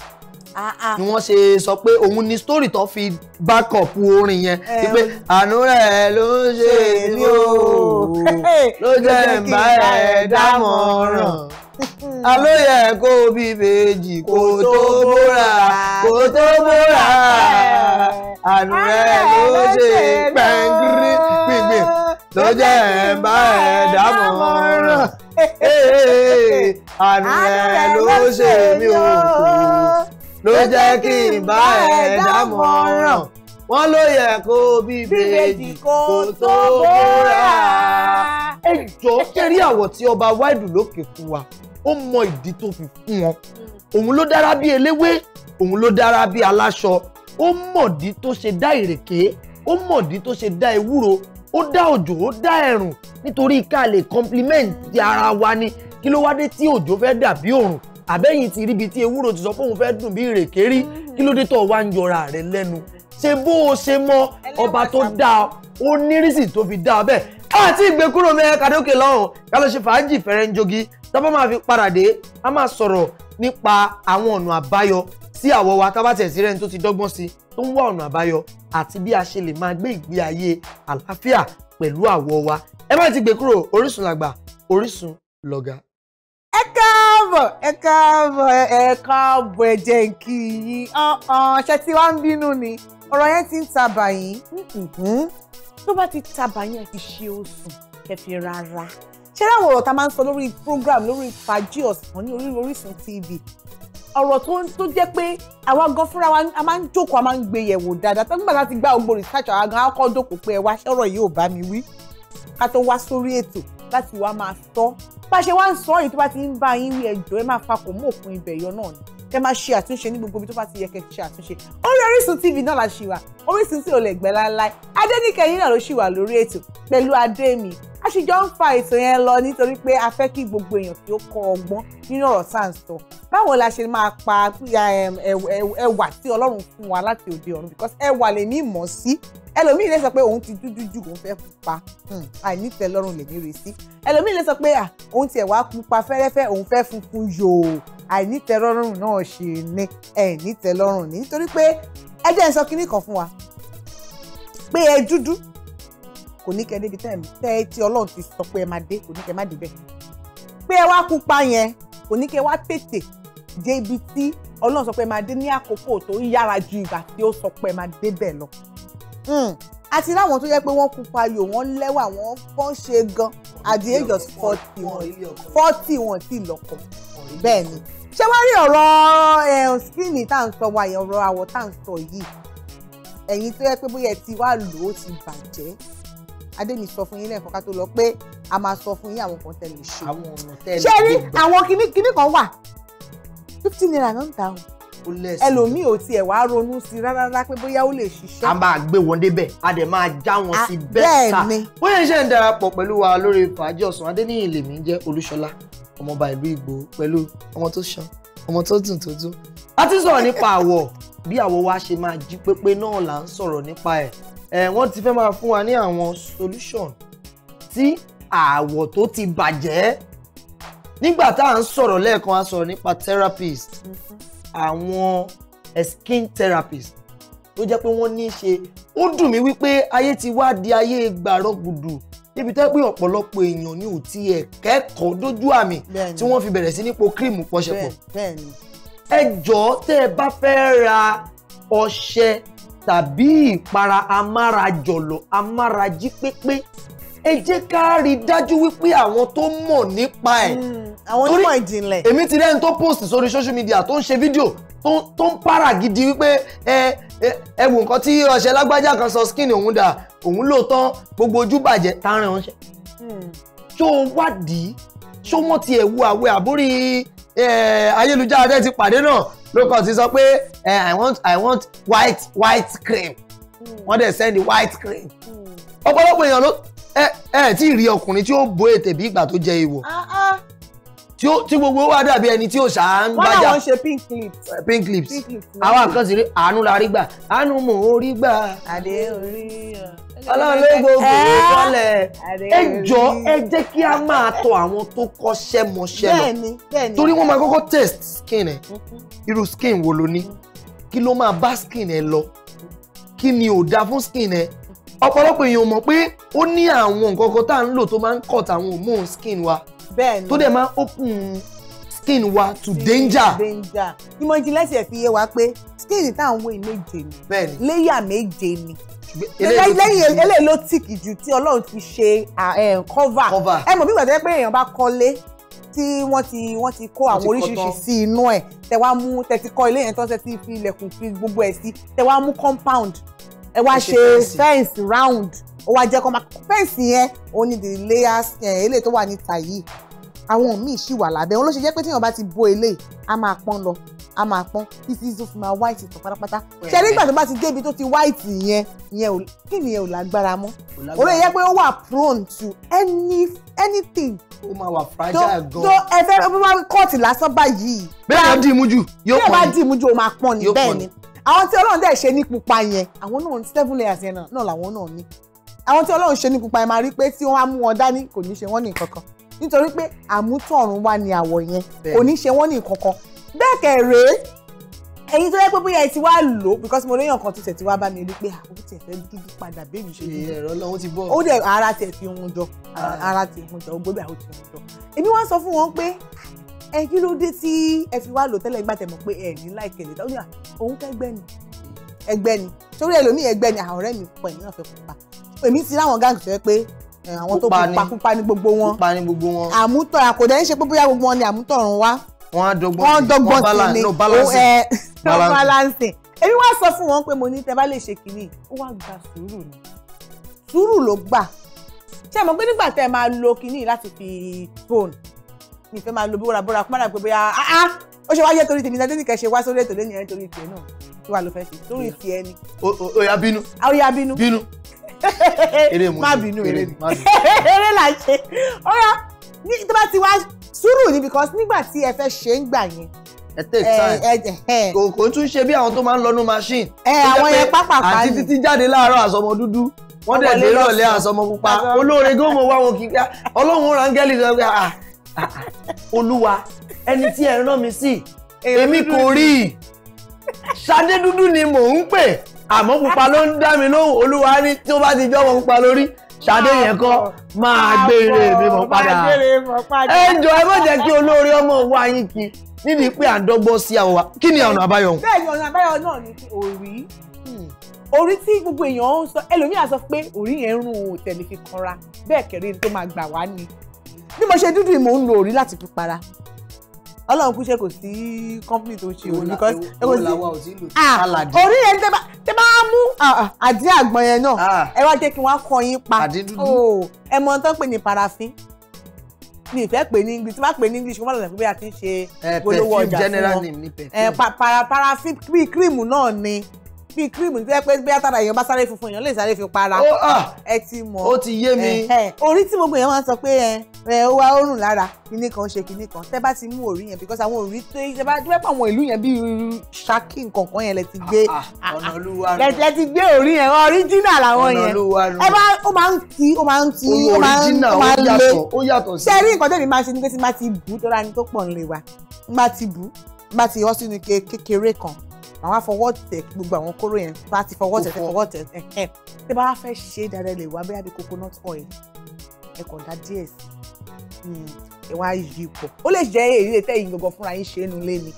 Ah, ah. ni wọ́n ṣe sọ pé òun ni story tó fi back up orin yẹn eh, wípé àánú rẹ̀ ló ń ṣe èmi o ló jẹ́ ìbá ẹ̀ dámọ̀ràn alóyè kó bí bèjì kó tó bóra kó tó bóra àánú rẹ̀ ló ṣe pẹ́ńgírí gbìngbìn ló jẹ́ ìbá ẹ̀ dámọ̀ràn àánú rẹ̀ ló ṣe èmi o ló jẹ́ kí n bá ẹ̀dá mọ̀ràn wọ́n ló yẹ kó bíbèjì kó tó bóra. ẹ jọ kẹrí àwọ̀ tí ọba wáìdù lókè fún wa ó mọ ìdí tó fi fún wọn òun ló dára bí eléwé òun ló dára bí aláṣọ ó mọ̀dí tó ṣe dá ìrèké ó mọ̀dí tó ṣe dá ewúro ó dá òjò ó dá ẹ̀rùn nítorí ká lè compliment ara wa ni kí ló wá dé tí òjò fẹ́ dàbí òrùn àbẹ́yìn ti ríbi tí ewúro ti sọ pé òun fẹ́ dùn bí ìrèké rí kí ló dé tó wá ń yọra rẹ lẹ́nu ṣe bó o ṣe mọ ọba tó dáa ó nírísì tó fi dáa bẹ́ẹ̀ àti ìgbé kúrò mẹ́ẹ́ kàdókè lọ́hùn ká lọ ṣe fàájì fẹ́rẹ́ ń jogi tábà máa fi padà dé a máa sọ̀rọ̀ nípa àwọn ọ̀nà àbáyọ sí àwọ̀ wa tábà tẹ̀ sí rẹ́ni tó ti dọ́gbọ́n sí tó ń wá ọ̀nà àbáyọ àti bí a ṣe lè máa gbé ìgbé ayé àlàáfíà pẹ̀lú àwọ̀ wa ẹ má ti gbé kúrò Orísun làgbà Orísun lọ̀gá káàbọ̀ ẹ káàbọ̀ ẹ káàbọ̀ ẹ jẹ́ nkì yín ṣe tí wàá ń bínú ni ọ̀rọ̀ yẹn ti ń taba yín tó bá ti taba yín ẹ ṣe oṣù ẹ rárá ṣé láwọn ọ̀rọ̀ tá máa ń sọ lórí program lórí fàájì ọ̀sán ní orí Orísun TV ọ̀rọ̀ tó jẹ́ pé àwa gan fúnra wa a máa ń jókòó a máa ń gbé yẹ̀wò dáadáa tó ń gbà láti gbá ogbó research àwa gan pé ẹ wá ṣọ́rọ̀ yìí ò bá mi wí ká tó wá sórí ètò láti wá máa sọ bá a ṣe wá ń sọ yìí tó bá ti ń bá yín wí ẹjọ́ ẹ máa fakò mọ́ òpin ibẹ̀ yọ náà ni ẹ máa ṣe àtúnṣe ní gbogbo ibi tó bá ti yẹ kẹ́ ṣe àtúnṣe orí Orísun TV náà la ṣì wà Orísun tí ò lè gbẹ láéláé Adéníkẹ́ yín náà ló ṣì wà lórí ètò pẹ̀lú adé mi a sì jọ ń fa ètò yẹn lọ nítorí pé a fẹ́ kí gbogbo èèyàn tí ó kọ ọgbọ́n nínú ọ̀rọ̀ tá à ń sọ báwo la ṣe máa pa ẹwà tí Ọlọ́run fún wa láti òde ọ̀run because ẹwà lèmi mọ̀ sí ẹlòmíì lè sọ pé òun ti dúdú ju òun fẹ́ pupa hmm, àìnífẹ̀ẹ́ lọ́rùn lèmi rè sí ẹlòmíì lè sọ pé òun tiẹ̀ wá pupa fẹ́rẹ́fẹ́ òun fẹ́ funfun yòò àìnífẹ̀ẹ́ lọ́rùn náà ṣe ni ẹ̀ẹ́nìfẹ̀ẹ́ lọ́rùn ni nítorí pé ẹ ń sọ kinní kan fún wa pé ẹ dúdú kò ní kẹ́ débi tẹ́ẹ̀mí tẹ́ tí ọlọ́run ti sọ pé ẹ máa dé kò ní kẹ́ má débẹ̀ pé ẹ wá pupa yẹn kò ní kẹ́ wá tètè dé ibi tí ọlọ́run sọ pé ẹ máa dé ní àkókò tó yára ju ìgbà tí ó sọ pé ẹ máa débẹ̀ lọ Hmm. àti láwọn tó yẹ pé wọ́n pupa yò wọ́n lẹ́wà wọ́n kàn ṣe gan at the age of forty one. forty one ti lọ́kọ bẹ́ẹ̀ ni ṣé wá rí ọ̀rọ̀ skin tá à ń sọ wáyé ọ̀rọ̀ àwọ̀ tá à ń sọ yìí ẹ̀yin tó yẹ pé bóyá ẹ ti wá lò ó ti bàjẹ́ adémi sọ fún yín lẹ́ẹ̀kan ká tó lọ pé a máa sọ fún yín àwọn kan tẹ̀lé ṣe ṣé rí àwọn kinní kan wà fifty naira ló ń ta o ẹlòmíì ò tiẹ̀ wá ronú sí rárá pé bóyá ó lè ṣiṣẹ́. a máa gbé wọn débẹ̀ a dẹ̀ máa já wọn sí ah, bẹ́ẹ̀ ta bóyá iṣẹ́ ń darapọ̀ pẹ̀lú wa lórí fàájì ọ̀sán adéníyìn lèmi jẹ́ olúṣọlá ọmọọba ìlú ìgbò pẹ̀lú ọmọ tó ṣan ọmọ tó dùn tó dùn. a ti sọ̀rọ̀ nípa àwọ̀ bí àwọ̀ wa ṣe máa jí pépé náà là ń sọ̀rọ̀ nípa ẹ̀ ẹ̀ wọ́n ti fẹ́ máa fún wa ní àwọn solution tí àwọ̀ tó ti bàjẹ́ nígbà tá à ń sọ̀rọ̀ lẹ́ẹ̀kan a sọ̀rọ̀ nípa therapist àwọn skin therapist tó jẹ́ pé wọ́n ní í ṣe ó dùn mí wípé ayé ti wá di ayé gbàrọ́gùdù níbi tẹ́ pé ọ̀pọ̀lọpọ̀ èèyàn ni ò tiẹ̀ kẹ́kọ̀ọ́ dójú àmì tí wọ́n fi bẹ̀rẹ̀ sí ní po cream pọ̀ṣẹ̀pọ̀ ẹ jọ̀ọ́ tẹ́ ẹ bá fẹ́ ra ọṣẹ tàbí ìpara amárajọ̀lọ̀ amárají pépé ẹ jẹ́ ká rí i dájú wípé àwọn tó mọ̀ nípa ẹ̀. Hmm, àwọn onímọ̀ ìjìnlẹ̀. èmi ti rẹ́ni tó post sórí social media tó ń ṣe fídíò tó ń para gidi wípé ẹ ẹ wò nǹkan tí ọṣẹ lágbájá kan sọ skin òun dà òun lò tán gbogbo ojú bàjẹ́ tá a rìn ránṣẹ́. Hmm. ṣó o wádìí ṣó wọ́n ti ẹ̀ wo àwẹ̀ àbórí ayélujára tẹ́ ti pàdé náà ló ti sọ pé i want i want white white cream hmm. wọ́n dẹ̀ send the white cream ọ̀pọ̀lọpọ̀ èèyàn ló ẹ ẹ tí ì rí ọkùnrin tí ó bo ètè bí ìgbà tó jẹ ìwọ ah, ah. tí ó tí gbogbo wá dàbí ẹni tí ó ṣáà ń gbàjà wọn ṣe eh, pink lips pink lips àwọn nǹkan sì rí àánú la rí gbà àánú mò ń rí gbà àdé orí ọlọ́run ló gbogbo ìwọlẹ̀ ẹ jọ ẹ jẹ́ kí a máa tọ àwọn tó kọ́ṣẹ́ mọṣẹ́ lọ torí wọ́n máa kọ́kọ́ test skin ẹ̀ mm-hmm. irú skin wo ló ní kí ló máa bá skin ẹ lọ kí ni ò dáa fún skin ẹ ọ̀pọ̀lọpọ̀ èèyàn mọ̀ pé ó ní àwọn nǹkan kan tá à ń lò tó máa ń cut àwọn hormone skin wa bẹ́ẹ̀ni tó dẹ̀ máa ń open skin wa to danger. danger ìmọ̀ ìjìnlẹ̀ sì ẹ̀ fi yé wa pé skin tá à ń wé méje ni bẹ́ẹ̀ni léyà méje ni lẹ́yìn eléyìí ló tìkì jù tí ọlọ́run ti ṣe cover ẹ mọ̀ bí ìgbà tó pé èèyàn bá kọ́lé tí wọ́n ti wọ́n ti kó àwọn oríṣiríṣi sí inú ẹ̀ tẹ wá mú tẹ ti kọ́ ilé yẹn tán tẹ ti fi ilẹ̀kùn fi gbogbo ẹ̀ sí tẹ wá mú compound ẹ wá ṣe fẹ́ǹsì round ó wá jẹ́ kó máa fẹ́ǹsì yẹn òun ni the layers eh, eléyìí tó wà níta yìí àwọn míì ṣì wà lábẹ́ òun ló ṣe jẹ́ pé tíyàn bá ti bo eléyìí a máa pọ́n lọ a máa pọ́n títí tó fi máa white tán pátápátá ṣe nígbà tó bá ti débi tó ti white yẹn yẹn ò kí nìyẹn ò lágbára mọ́ òun lè pé ó wà prone to any anything. ó máa wà fragile gan. tó ẹ fẹ́ bó bá kọ́ọ̀tì lásán báyìí. bẹ́ẹ̀ bá dì í mú jù yóò pọ́n ni bẹ́ẹ̀ bá dì í mú jù ó máa pọ́n ni bẹ́ẹ̀ ni àwọn tí ọlọ́run dẹ̀ ṣe ní pupa yẹn àwọn náà seven layers yẹn náà làwọn náà ní àwọn tí ọlọ́run ṣe ní pupa yẹn máa rí pé tí wọ́n á mú wọn dání kò ní ṣe wọ́n ní nǹkan kan nítorí pé àmútọ̀run wá ní àwọ̀ yẹn kò ní ṣe wọ́n ní nǹkan kan bẹ́ẹ̀ kẹ̀ rèé tó yẹ pé bóyá ẹ ti wá lò ó because mo léyàn kan tó tẹ̀ ti wá bá mi rí pé àwọn ah, tiẹ̀ fẹ́ dúdú padà bébì ṣe dúdú ẹ̀rọ lọ́wọ́ ti bọ̀ ó dẹ̀ ara tiẹ̀ fi hun jọ ah. ara tiẹ̀ hun jọ ó gbé àwọn tiẹ̀ hun jọ èmi wá sọ fún wọn pé ẹ kí ló dé tí ẹ fi wá lò tẹ́lẹ̀ gbà tẹ̀ mọ̀ pé ẹ ní láìkẹ́ lè dáhùn òun kẹ́gbẹ́ ni ẹgbẹ́ ni torí ẹlòmíì ẹgbẹ́ ni àwọn ọ̀rẹ́ mi pọ̀ ẹ̀mí náà fẹ́ pupa èmi ti láwọn gáàgì tó yẹ pé àwọn tó pupa pupa ni gbogbo wọn pupa ni gbogbo wọn àmútọ̀ àkòdẹ́ ń ṣe pé bóyá gbogbo wọn ni àmútọ̀run wá wọn dọ́gbọ́n sí ni wọn balancing èmi wá sọ fún wọn pé mo ní tẹ bá lè ṣe kìíní ó wá gba sùúrù ni sùúrù ló gbà ṣé ẹ mọ̀ pé nígbà tẹ́ ẹ máa lo kìíní láti fi phone mi fẹ́ máa lo bóra bóra kó má dà pé bóyá áá ah, ah, ó ṣe wáyé torí tèmi lẹ́dẹ́ nìkan ṣe wá sórí ètò lẹ́yìn torí tiẹ̀ náà tí wàá ló fẹ́ fi torí tiẹ̀ ni. ó yá bínú. ó yá bínú. bínú. eré mu má bínú eré mi. eré là ń ṣe ó yá tó bá ti wá sùúrù ni because nígbà tí ẹ fẹ́ ṣe ń gbà yẹn ẹ take time kò tún ṣe bí àwọn tó máa ń lọ́nu machine. ẹ àwọn yẹn pápákọ̀ ni àti títí jáde láàárọ̀ àsọmọ dúdú wọ́n dẹ̀ lérò lé àsọmọ pupa olóore gómọ wá wọn kí ah, ọlọ́run rangẹ́lì sọ pé olúwa ẹni tí ẹ rán mi sí èmi kò rí i ṣadé dúdú ni mò ń pè àmọ́ pupa ló ń dá mi lóhùn olúwa ní tí ó bá ti jọ́ wọn pupa lórí ṣadé yẹn kọ́ máa gbére mi mọ̀ padà ẹ jọ ẹ má jẹ́ kí olóore ọmọ wa yín kí nídìí pé à ń dọ́gbọ́n sí àwọn wa kí ni ọ̀nà àbáyọ. bẹ́ẹ̀ ni ọ̀nà àbáyọ náà ni orí orí tí gbogbo èèyàn ń sọ ẹlòmíà sọ pé orí yẹn ń rún òun kanra bẹ́ẹ̀ kẹrin tó máa gbà wá ni bí mo ṣe dúdú yìí mò ń lo òrí láti fi para ọlọ́run kú ṣe kò sí company tó ṣe òun because ẹ kò sí orí yẹn tẹ bá mú ah, ah, àdín àgbọn yẹn náà ah. ẹ wá jẹ́ kí wọ́n kọ yín pa oh, ẹ mọ tán pè ní parafin mi ìfẹ́ pè ní english tí wọ́n pè ní english kó má lọ́dọ̀ pé a ti ń ṣe polówó eh, ọjà fún wọn parafin bíi kírìmù náà ni bíi kírìmù tó yẹ pé bí àtàrà èèyàn bá sáré funfun èèyàn lè sáré fi para oh, ah, ẹ ti mọ̀ ó ti yé mi orí tí gbogbo èèyàn máa ń sọ pé ẹ ó wá òórùn lára kinní kan ṣe kinní kan tẹ́ bá ti mú orí yẹn because àwọn orí tó yẹ bá dúpẹ́ àwọn ìlú yẹn bíi ṣákì nǹkankan yẹn lẹ ti gbé ah, ah, lẹ ti gbé orí yẹn original àwọn yẹn ẹ bá ó máa ń ti ó máa ń ti ó máa ń le ṣe rí nǹkan tẹ́lẹ̀ máa ṣe ní pé tí má ti bù tó rání tó pọ̀ ń lè wà má ti bù má ti họ́ sínú kékeré kan màá wá fọwọ́ tẹ gbogbo àwọn kóró yẹn bá ti fọwọ́ tẹ fọwọ́ tẹ ẹ̀hẹ́n tí bá fẹ́ ṣe dáadáa lè wá bẹ́ẹ̀ bí coconut oil ẹ kàn dá díẹ̀ sí hmm. ẹ wá yí pọ̀ ó lè jẹ́ èyí lè tẹ́ yín gbogbo fúnra yín ṣe é nu lé ni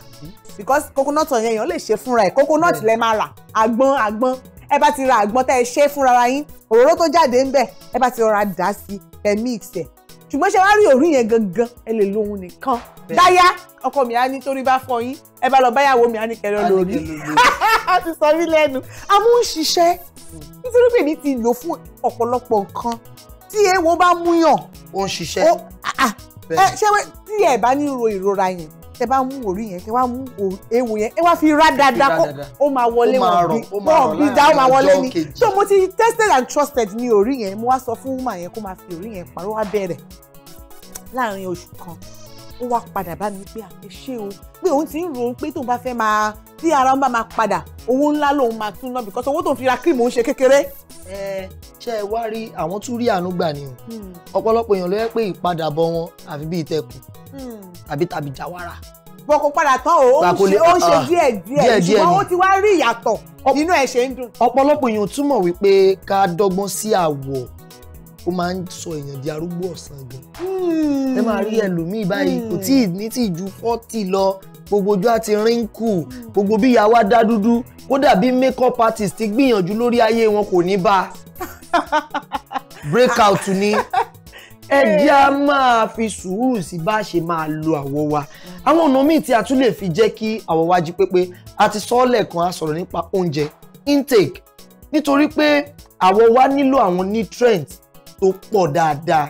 because coconut oil yẹn lè ṣe fúnra ẹ̀ coconut lẹ máa rà àgbọn àgbọn ẹ bá ti ra àgbọn tẹ́ ẹ ṣe fúnra yín òróró tó jáde ń bẹ̀ ẹ bá ti rọra dà sí ẹ mix ẹ̀ ṣùgbọ́n ṣe wá rí òrí yẹn gangan ẹ lè lo òun nìkan dáyà ọkọ mi á ní torí bá fọ yín ẹ bá lọ báyàwó mi á ní kẹrẹ lórí a ti sọ mí lẹ́nu àmọ́ ń ṣiṣẹ́ nítorí pé mi ti lò fún ọ̀pọ̀lọpọ̀ nǹkan tí èèwọ̀ bá múyàn ó ń ṣiṣẹ́ ah, ah. ṣé tí ẹ bá ní ro ìrora yẹn tẹ bá mú òrí yẹn tẹ wá mú ewu yẹn ẹ wá fi rá dáadáa kó ó máa wọlé wọn bí wọn bí dá ó máa wọlé ni so mo ti tested and trusted ní òrí yẹn mo wá sọ fún woman yẹn kó máa fi òrí yẹn parọ́ wá bẹ̀rẹ̀ láàrin oṣù kan ó wá padà bá mi pé àpè ṣé o pé òun ti ń rò ó pé tóun bá fẹ́ máa tí ara ń bá máa padà owó ńlá lòun máa tún ná because owó tóun fi ra cream òun ṣe kékeré ṣe ẹ wá rí àwọn tún rí àánú gbà nìyẹn ọ̀pọ̀lọpọ̀ èèyàn ló yẹ pé ìpadàbọ̀ wọn àfi bíi tẹkùn àbí tàbí jàwárà. bọ́kọ̀ padà tán o ó ń ṣe ah, díẹ̀ díẹ̀ ṣùgbọ́n ó ti wá rí ìyàtọ̀ nínú ẹ̀ ṣe ń dùn. ọ̀pọ̀lọpọ̀ èèyàn túmọ̀ wípé ká dọ́gbọ́n sí àwọ̀ ó máa ń sọ èèyàn di arúgbó ọ̀sán gan. Hmm. ẹ máa rí ẹlòmíì báyìí kò tí ì ní tí ì ju fọ́tì lọ gbogbo ojú àti rínkù gbogbo bí ìyá wa dúdú kódà bí makeup artist ti gbìyànjú lórí ayé wọn kò ní bá breakout ni ẹ jẹ́ a máa fi sùúrù sí bá a ṣe máa lo àwọ̀ wa àwọn ọ̀nà míì tí a tún lè fi jẹ́ kí àwọ̀ wa jí pépé àti sọ́ọ̀lẹ̀ kan a sọ̀rọ̀ nípa oúnjẹ intake nítorí pé àwọ̀ wa nílò àwọn nutrients tó pọ̀ dáadáa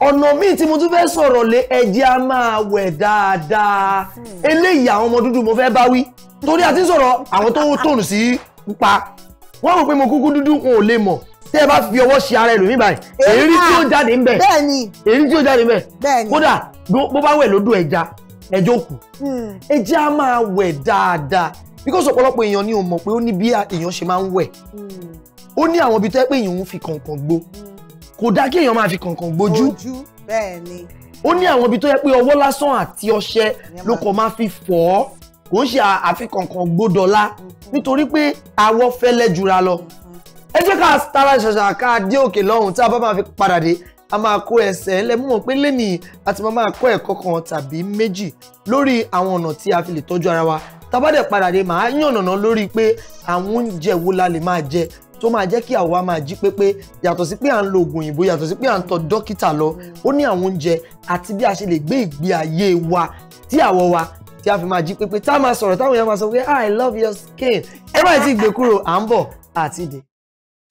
ọ̀nà míì tí mo tún fẹ́ sọ̀rọ̀ lé ẹ̀jẹ̀ a máa wẹ̀ dáadáa hmm. eléyìí àwọn ọmọ dúdú mo fẹ́ bá wí torí a ti ń sọ̀rọ̀ àwọn tó ń tòrùn sí pupa wọ́n rò pé mo kúkú dúdú n ò lè mọ̀ tẹ́ ẹ bá fi ọwọ́ ṣe ara ẹlòmíì báyìí èrí tí ó jáde ń bẹ̀ tí ó jáde ń kódà bó bá wẹ̀ lódò ẹja ẹja ó kù hmm. a máa wẹ̀ dáadáa because ọ̀pọ̀lọpọ̀ èèyàn ni ò mọ̀ pé ó ní bí èèyàn ṣe máa ń wẹ̀ hmm. ó ní àwọn ibi tó pé èèyàn ń fi kànkàn gbó kò dá kí èèyàn máa fi kànkàn gbójú. ojú bẹ́ẹ̀ ni. ó ní àwọn ibi tó yẹ pé ọwọ́ lásán àti ọṣẹ ló kàn máa fi fọ̀ ọ́ kò ń ṣe àfikànkàn gbódọ̀lá mm-hmm. nítorí pé àwọ̀ fẹ́lẹ́ jura lọ. ẹ jẹ́ ká tara ṣàṣà ká dé òkè lọ́hùn tá a bá máa fi padà dé a máa kó ẹsẹ̀ ńlẹ̀ mú mọ̀ pé lẹ́nìí a ti máa kọ́ ẹ̀kọ́ kan tàbí méjì lórí àwọn ọ̀nà tí a fi lè tọ́jú ara wa tá a bá dẹ̀ padà dé màá yànnàná lórí pé àwọn oúnjẹ wo la lè máa jẹ tó máa jẹ́ kí àwa máa jí pépé yàtọ̀ sí pé à ń lo oògùn òyìnbó yàtọ̀ sí pé à ń tọ̀ dókítà lọ ó ní àwọn oúnjẹ àti bí a ṣe lè gbé ìgbé ayé wa tí àwọ̀ wa tí a fi máa jí pépé tá a máa sọ̀rọ̀ táwọn èèyàn máa sọ pé ah, i love your skin ẹ má ti gbé kúrò à ń bọ̀ àti dè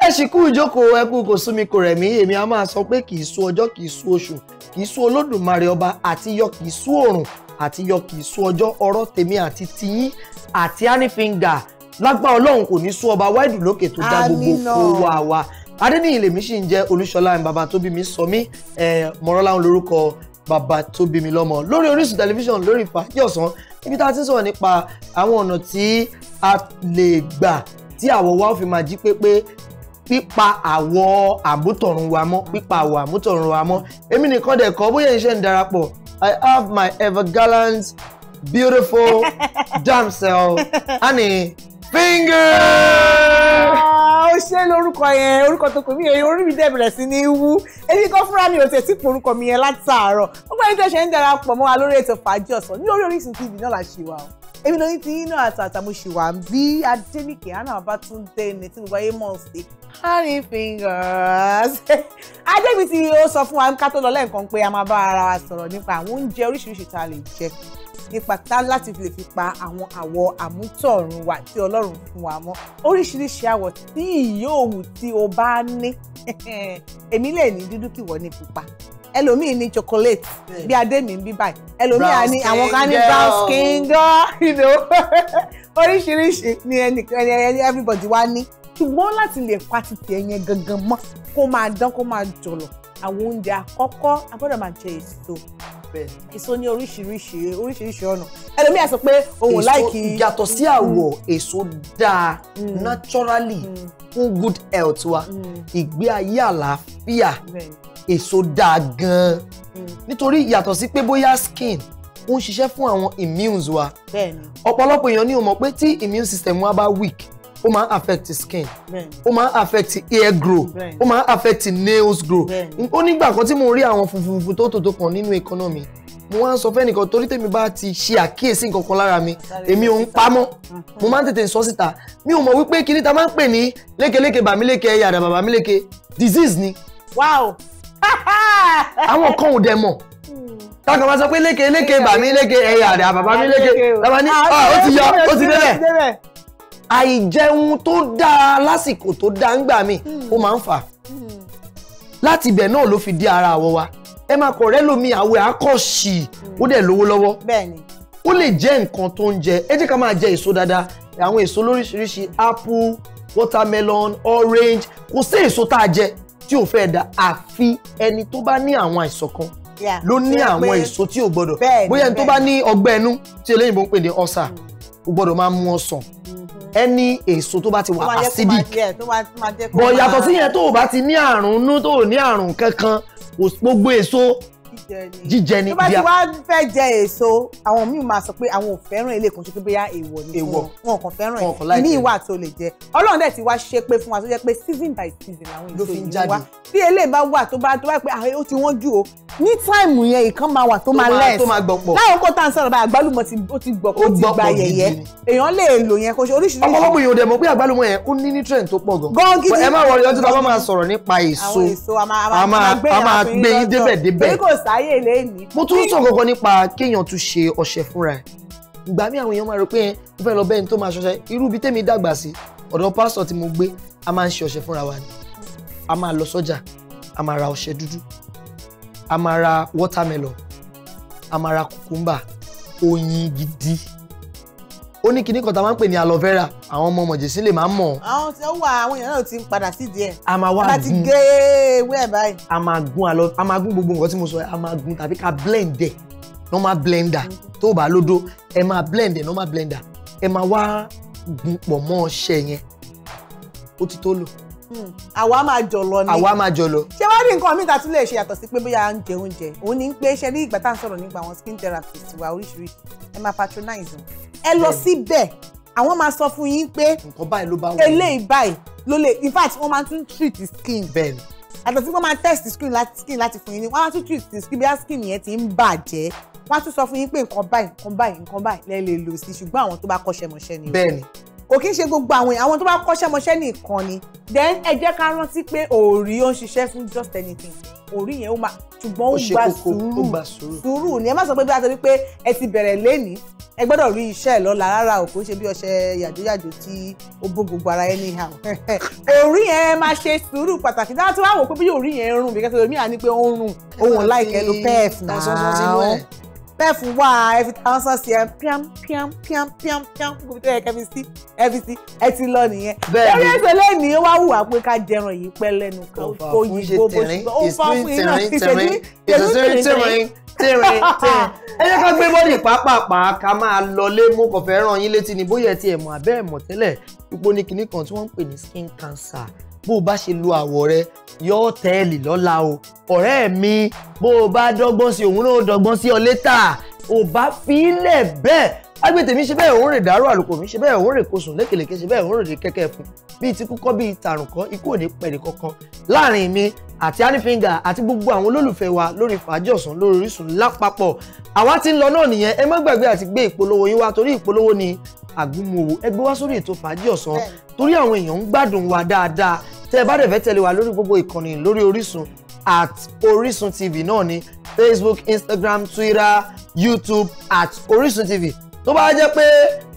ẹ sì kú ìjókòó ẹ kú kò sú mi kò rẹ̀ mí èmi a máa sọ pé kì í sú ọjọ́ kì í sú oṣù kì í sú olódùmarè ọba àti yọ kì í sú òrùn àti yọ kì í sú ọjọ́ ọ̀rọ̀ tèmi àti tiyín àti ánífíngà lágbára ọlọ́run kò ní sú ọba wáìdù lókè tó dá gbogbo owó àwa adéníyìn lèmi sì ń jẹ́ olúṣọlá ẹn bàbá tó bí mi sọ mí ẹ mọrọláhùn lórúkọ bàbá tó bí mi lọ́mọ lórí orísun tẹlifíṣàn lórí fàájì ọ̀sán níbi tá a ti ń sọ̀rọ̀ nípa àwọn ọ̀nà tí a lè gbà tí àwọ̀ wa fi máa jí pépé pípa àwọ̀ àmútọ̀run wa mọ́ pípa àwọ̀ àmútọ̀run wa mọ́ èmi nìkan dẹ̀ kọ́ bóyá iṣẹ́ ń darapọ̀ I have my ever gallant beautiful damsel honey finger. Ah, ó ṣe lórúkọ yẹn orúkọ tó pè mí yẹn orí mi dẹ̀ bẹ̀rẹ̀ sí ní wú èmi kan fúnra mi ò tẹ̀ sí porúkọ mi yẹn látàárọ̀ gbogbo ẹni tó ṣe ń darapọ̀ mọ́ wa lórí ètò fàájì ọ̀sán ní orí Orísun TV náà la ṣì wà o èmi lóyún ti yín náà àtàtà mo ṣì wà bí Adéníkè Hannah Babátúndé ní tí gbogbo ayé mọ̀ sí honey fingers. Adébísí ó sọ fún wa ká tó lọ lẹ́ẹ̀kan pé a máa bá ara wa sọ̀rọ̀ nípa àwọn oúnjẹ oríṣiríṣi tá a lè jẹ nípa tá láti lè fi pa àwọn àwọ̀ àmútọ̀run wa tí ọlọ́run fún wa mọ́ oríṣiríṣi àwọ̀ tí ìyóòwù tí o bá ní èmi lè ní dúdú kí wọ́n ní pupa ẹlòmíì ní chocolate hmm. bí mi ń bí báyìí ẹlòmíì á ní àwọn kan ní brown skin gan you know oríṣiríṣi ni ẹnìkan everybody wá ní ṣùgbọ́n láti lè pa titi ẹ̀yẹn gangan mọ́ kó máa dán kó máa jọ̀lọ̀ àwọn oúnjẹ àkọ́kọ́ a gbọ́dọ̀ máa jẹ èso èso ní oríṣiríṣi oríṣiríṣi ọ̀nà ẹlòmíì á sọ pé òun láìkí. yàtọ̀ sí àwọ̀ mm. èso dáa mm. naturally mm. fún good health wa ìgbé ayé àlàáfíà èso dáa gan-an nítorí yàtọ̀ sí pé bóyá skin ó ń ṣiṣẹ́ fún àwọn immunes wa ọ̀pọ̀lọpọ̀ èèyàn ni ó mọ̀ pé tí immune system wa bá weak ó máa ń affect skin ó máa ń affect hair grow ó máa ń affect nails grow ó nígbà kan tí mo rí àwọn funfun funfun tó tòótọ́ kan nínú èékánná mo wá ń sọ fẹ́nìkan torí tèmi bá ti ṣe àkíyèsí nǹkan kan lára mi èmi ò ń pamọ́ mm-hmm. mo máa ń tètè sọ síta mi ò mọ̀ wípé kíní ta máa ń pè ní lékeléke bàmíléke yàrá bàbàmíléke disease ni. wow. àwọn kan ò dẹ̀ mọ̀ kákan hmm. máa sọ pé lékeléke bàmíléke ẹ̀yà àdà bàbàmíléke làwọn ní ah, ah, ó ti yọ ó ti débẹ̀ àìjẹun tó dáa lásìkò tó dáa ń gbà mí hmm. ó máa ń fà hmm. láti ibẹ̀ náà ló fi di ara àwọ̀ wa ẹ máa kọ̀ rẹ́ lómi àwẹ̀ akọ́ṣì hmm. ó dẹ̀ lówó lọ́wọ́ ó lè jẹ́ nǹkan tó ń jẹ ẹ jẹ́ ká máa jẹ èso dáadáa àwọn èso lóríṣiríṣi apple watermelon orange kò sí èso tá a jẹ tí ò fẹ́ dà àfi ẹni tó bá ní àwọn àìsàn kan ló ní àwọn èso tí ò gbọdọ̀ bóyá ẹni tó bá ní ọgbẹ́ ẹnu tí eléyìnbó ń pè ní ọ̀sà ò gbọdọ̀ máa mu ọsàn ẹni èso tó bá ti wà acidic bọ̀ yàtọ̀ sí yẹn tó o bá ti ní àrùn nú tó o ní àrùn kankan gbogbo èso jíjẹ ni. tó bá ti wá fẹ́ jẹ èso àwọn míì máa sọ pé àwọn ò fẹ́ràn ilé kan ṣe pé bóyá èèwọ̀ ni fún wọn kàn fẹ́ràn ẹ̀ ní ìwà tó lè jẹ ọlọ́run dẹ̀ ti wá ṣe pé fún wa tó jẹ́ pé season by season àwọn èso yìí wá bí eléyìí bá wà tó bá tó bá pé ah, ó ti wọ́n jù o ní táìmù yẹn ìkan máa wà tó máa lẹ́ẹ̀sì tó máa gbọ̀pọ̀ láwọn kó tá à ń sọ̀rọ̀ báyìí àgbálùmọ̀ ti gbọ̀pọ̀ ti gba yẹ̀yẹ́ èèyàn lè lò yẹn kó ṣe oríṣiríṣi. ọ̀pọ̀lọpọ̀ èèyàn ò dẹ̀ pé àgbálùmọ̀ yẹn ó ní nutrient tó pọ̀ gan. gan gidi ẹ má wọlé ọjọ́ tó bá máa sọ̀rọ̀ nípa èso a máa gbé yín débẹ̀ débẹ̀ láyè lẹ́yìn. mo tún sọ kankan nípa kéèyàn tún ṣe ọṣẹ fúnra ẹ̀ ìgbà mi àwọn èèyàn máa rò pé ó fẹ́ lọ bẹ́ẹ̀ ni tó máa ṣọṣẹ irú ibi tèmi dàgbà sí ọ̀dọ̀ pásítọ̀ tí mo gbé a máa ń ṣe ọṣẹ fúnra wa ni a máa lọ sọ́jà a máa ra ọṣẹ dúdú a máa ra watermelon a máa ra cucumber oyin gidi ó ní kinní kan tá a máa ń pè ní aloe vera àwọn ọmọ mọ̀jẹ̀sí lè máa ń mọ̀. àwọn tí ó wà àwọn èèyàn náà ti ń padà sí díẹ̀. a máa wá gún a ti gé ewé ẹ̀ báyìí. a máa gún aloe a máa gún gbogbo nǹkan tí mo sọ a máa gún tàbí ká blend ẹ̀ normal blender tó o bá lódó ẹ máa blend ẹ̀ normal blender ẹ máa wá gún pọ̀ mọ́ ọṣẹ yẹn ó ti tó lò hmm. àwa máa jọlọ ni àwa máa jọlọ. ṣé wàá ní nǹkan mi ta tún lè ṣe yàtọ̀ sí pé bóyá à ń oúnjẹ òun ni pé ṣe ní ìgbà tá à ń sọ̀rọ̀ nípa àwọn skin therapist wa oríṣiríṣi ẹ máa patronize wọn ẹ lọ síbẹ̀ àwọn máa sọ fún yín pé nǹkan báyìí ló bá wọ eléyìí báyìí ló lè in fact wọ́n máa tún treat the skin. bẹ́ẹ̀ni. àtọ̀ sí wọ́n máa test the skin láti skin láti fún yín ni wọ́n máa tún treat the skin bí skin yẹn ti ń bàjẹ́ wọ́n á tún sọ fún yín pé nǹkan báyìí nǹkan báyìí nǹkan báyìí lẹ lè lò sí ṣùgbọ́n àwọn tó bá kọ́ṣẹ́ mọṣẹ́ ni. bẹ́ẹ̀ni. kò kí ń ṣe gbogbo àwọn àwọn tó bá kọ́ṣẹ́ mọṣẹ́ nìkan ni then ẹ jẹ́ ká rántí pé òòrì ó ń ṣiṣẹ́ fún just anything orí yẹn ó máa ṣùgbọ́n ó gba sùúrù sùúrù ni ẹ má sọ pé bí a ṣe wípé ẹ ti bẹ̀rẹ̀ lénìí ẹ gbọ́dọ̀ rí iṣẹ́ ẹ̀ lọ́la rárá o kò ṣe bí ọṣẹ yàjóyàjó tí ó bó gbogbo ara ẹ níhà orí yẹn máa ṣe sùúrù pàtàkì dáa tí wàá wò pé bí orí yẹn ń rùn bí kẹsàn-án à ní pé ó ń rùn ohun láìkẹ́ ló pẹ́ẹ̀f náà bẹ́ẹ̀ fún wá ẹ fi answer sí ẹ píam píam píam píam píam gbogbo tó yẹ kẹfí sí ẹfí sí ẹ ti lọ nìyẹn. bẹ́ẹ̀ni lórí ẹsẹ lẹni wá wùwà pé ká jẹran yìí pẹ́ lẹ́nu kan kó yí gbogbo ṣùgbọ́n ó fọ fún iná ìṣèjú ìṣèjú tìrín tìrín tìrín. ẹ jẹ́ ká gbé bọ́dì pàápàá ká máa lọlé mú kọ̀fẹ́ ràn yín létí ni bóyá ẹ ti ẹ̀ mọ̀ abẹ́ ẹ̀ mọ̀ tẹ́lẹ̀ ipò ní kinní kan tí wọ́n ń pè ní skin cancer bó o bá ṣe lo àwọ̀ rẹ yóò tẹ́ẹ̀lì lọ́la o ọ̀rẹ́ mi bó o bá dọ́gbọ́n sí òun náà dọ́gbọ́n sí ọ létà ò bá fi í lẹ̀ bẹ́ẹ̀ agbètè mi ṣe bẹ́ẹ̀ òun rè dàrú àlùkò mi ṣe bẹ́ẹ̀ òun rè kosùn lékelèké ṣe bẹ́ẹ̀ òun rè kẹ́kẹ́ fún bíi ti kúkọ́ bíi tàrùn kan ikú ò ní pẹ̀lẹ́ kankan láàrin mi àti hanifinga àti gbogbo àwọn olólùfẹ́ wa lórí fàájì ọ̀sán lórí Orísun lápapọ̀ àwa ti ń lọ náà nìyẹn ẹ má gbàgbé àti gbé ìpolówó yín wá torí ìpolówó ni àgúnmòwò ẹgbẹ́ wá sórí ètò fàájì ọ̀sán torí àwọn èèyàn ń gbádùn wa dáadáa tẹ́ ẹ bá dẹ̀ fẹ́ tẹ̀lé wa lórí gbogbo ìkànnì lórí Orísun at Orísun TV náà ni Facebook Instagram Twitter YouTube at Orísun TV tó bá jẹ́ pé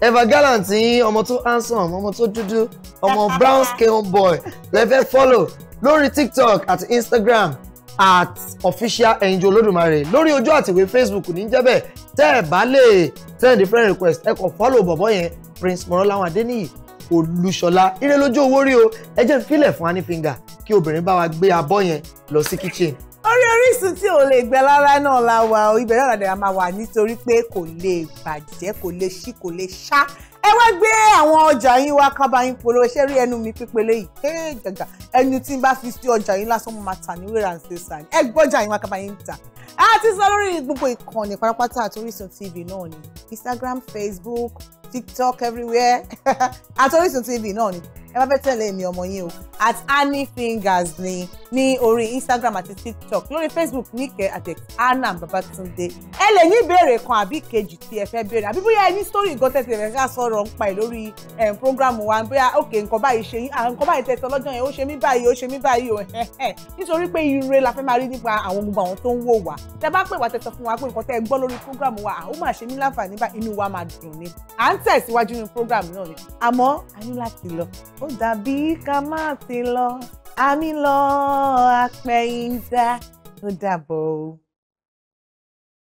Eva Gallant yín ọmọ tó handsome ọmọ tó dúdú ọmọ brown skin boy lẹ́fẹ́ follow lórí TikTok àti Instagram at official ẹ̀yinjú olódùmarè lórí ojú àtìwé facebook ní jẹ́bẹ̀ tẹ́ ẹ̀ bá lè send friend request ẹ kàn follow bọ̀bọ̀ yẹn prince mọ̀rọ́láwọn adéníyì olùṣọlá ire lójú owó rí o ẹ jẹ́ fílẹ̀ fún anífíngà kí obìnrin bá wa gbé abọ́ yẹn lọ sí kitchen. orí orísun tí ò lè gbẹ lára náà la wà o ibẹ̀ náà làdàrà máa wà nítorí pé kò lè bàjẹ́ kò lè ṣí kò lè ṣá ẹ wá gbé àwọn ọjà yín wá kábà yín polówó ṣé rí ẹnu mi pípele yìí kéé gàgà ẹnu tí n bá fi sí ọjà yín lásán mo máa tà ní wéra ṣe sàn ẹ gbọ́jà yín wá kábà yín tà á sọ lórí gbogbo ìkànnì pátápátá àti TV náà ni Instagram, Facebook, TikTok everywhere àti Orísun TV náà ni ẹ bá fẹ́ tẹ̀lé mi ọmọ yín o at annie fingers ni ní orí instagram àti tiktok lórí facebook níkẹ́ àti anna babatunde ẹ lè ní ìbéèrè kan àbí kejì tí ẹ fẹ́ béèrè àbí bóyá ẹ ní story nǹkan tẹ̀sí ẹ fẹ́ ká sọ̀rọ̀ ń pa ẹ̀ lórí program wa bóyá òkè nǹkan báyìí ṣe yín nǹkan báyìí tẹ̀sí ọlọ́jọ́ yẹn ó ṣe mí báyìí ó ṣe mí báyìí o nítorí pé ire la fẹ́ máa rí nípa àwọn gbogbo àwọn tó ń wò wá tẹ bá pè wá tẹ̀sọ fún wa pé nǹkan tẹ́ ẹ gbọ́ lórí program wa ó máa ṣe mí láǹfààní bá inú wa máa dùn ni à ń tẹ̀síwájú nínú program náà ni àmọ́ a ní láti lọ ó dàbí ká má ti lọ àmì lọ àpẹ̀yìndà ó dàbọ̀